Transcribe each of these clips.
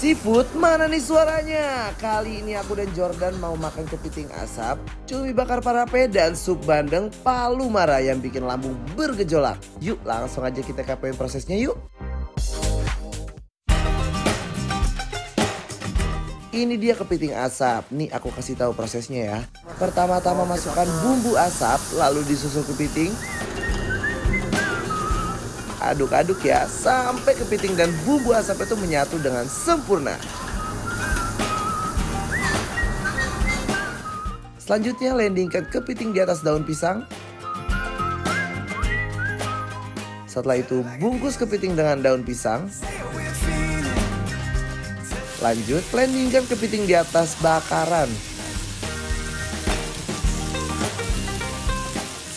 Seafood, mana nih suaranya? Kali ini aku dan Jordan mau makan kepiting asap, cumi bakar parape, dan sup bandeng palu mara yang bikin lambung bergejolak. Yuk langsung aja kita kapain prosesnya yuk. Ini dia kepiting asap. Nih aku kasih tahu prosesnya ya. Pertama-tama masukkan bumbu asap, lalu disusul kepiting, aduk-aduk ya sampai kepiting dan bumbu asap itu menyatu dengan sempurna. Selanjutnya landingkan kepiting di atas daun pisang. Setelah itu bungkus kepiting dengan daun pisang. Lanjut landingkan kepiting di atas bakaran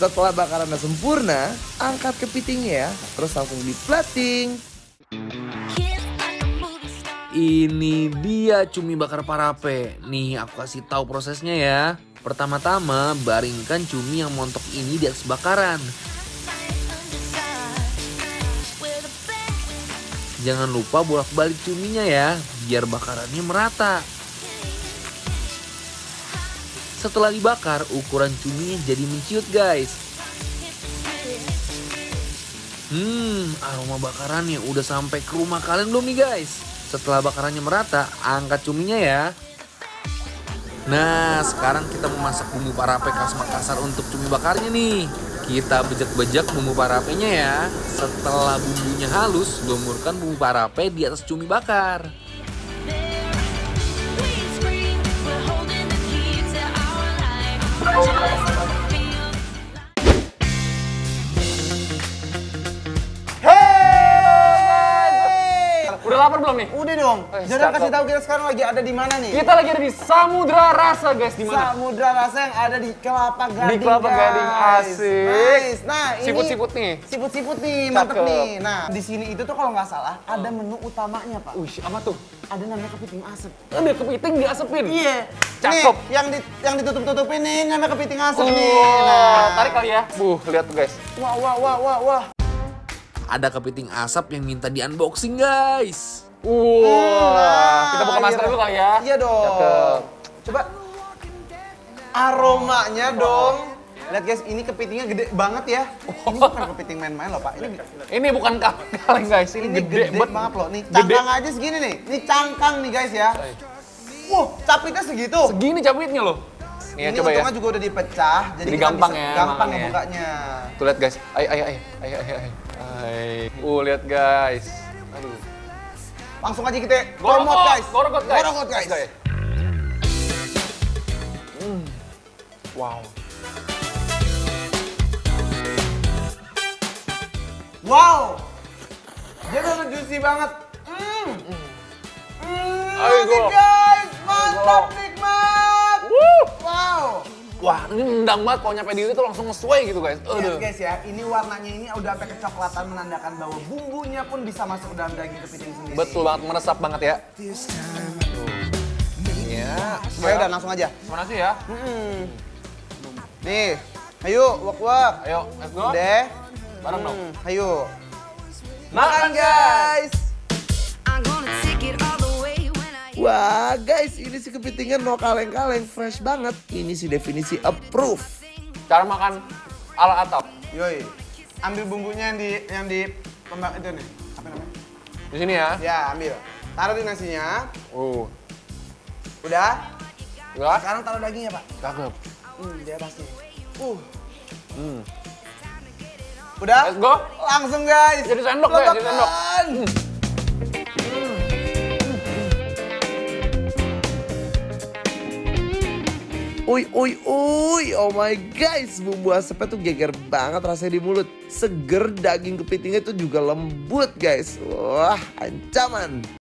Setelah bakarannya sempurna, angkat kepitingnya ya, terus langsung diplating. Ini dia cumi bakar parape. Nih, aku kasih tahu prosesnya ya. Pertama-tama, baringkan cumi yang montok ini di atas bakaran. Jangan lupa bolak-balik cuminya ya, biar bakarannya merata. Setelah dibakar, ukuran cumi jadi menciut guys. Hmm, aroma bakarannya udah sampai ke rumah kalian belum nih guys? Setelah bakarannya merata, angkat cuminya ya. Nah, sekarang kita memasak bumbu parape khas Makassar untuk cumi bakarnya nih. Kita bejek-bejek bumbu parapenya ya. Setelah bumbunya halus, lumurkan bumbu parape di atas cumi bakar. lapar belum nih? Udah dong. Eh, Jangan kasih tahu kita sekarang lagi ada di mana nih? Kita lagi ada di Samudra Rasa guys, di mana? Samudra Rasa yang ada di Kelapa Gading. Di Kelapa guys. Gading asik. Nice. Nah, ini siput-siput nih. Siput-siput nih, mantep Cakep. nih. Nah, di sini itu tuh kalau nggak salah ada hmm. menu utamanya, Pak. Ush, apa tuh? Ada namanya kepiting asap. Ada kepiting diasepin. Iya. Cakep. Nih, yang di, yang ditutup-tutupin nih namanya kepiting asap uh, nih. Nah. Tarik kali ya. Buh, lihat tuh guys. Wah, wah, wah, wah, wah ada kepiting asap yang minta di unboxing guys. wow. kita buka masker dulu kali ya. Iya dong. Cakep. Coba aromanya dong. Lihat guys, ini kepitingnya gede banget ya. Ini bukan kepiting main-main loh pak. Ini, ini bukan kaleng guys, ini, ini gede, gede banget loh. Nih cangkang gede. aja segini nih. Ini cangkang nih guys ya. Wah, capitnya segitu. Segini capitnya loh. Ini, ya, ini coba ya. untungnya ya. juga udah dipecah, jadi, jadi gampang ya. Gampang ya. Ya. Tuh lihat guys, ayo ayo ayo ayo ayo. Hai. Uh, lihat guys. Aduh. Langsung aja kita promote guys. Gorokot guys. Gorokot guys. guys. Hmm. Wow. Wow. Dia benar juicy banget. Hmm. Hmm. Ayo, guys, mantap nih. Wah, ini nendang banget kalau nyampe di itu langsung ngesuai gitu guys. Aduh. guys ya, ini warnanya ini udah sampai kecoklatan menandakan bahwa bumbunya pun bisa masuk ke dalam daging kepiting sendiri. Betul banget, meresap banget ya. Iya. Saya udah langsung aja. Terima sih ya. Hmm. Nih, ayo wak wak. Ayo, let's go. Deh. Bareng dong. Ayo. Makan guys. Wah guys ini si kepitingan no kaleng-kaleng fresh banget. Ini si definisi approve. Cara makan ala atap. Yoi. Ambil bumbunya yang di yang di pembak itu nih. Apa namanya? Di sini ya? Ya ambil. Taruh di nasinya. Uh. Udah? Udah. Sekarang taruh dagingnya pak. Cakep. Hmm, dia pasti. Uh. Hmm. Udah? Let's go. Langsung guys. Jadi sendok ya, jadi sendok. Uy, uy, uy, oh my guys, bumbu asapnya tuh geger banget rasanya di mulut. Seger daging kepitingnya tuh juga lembut guys. Wah, ancaman.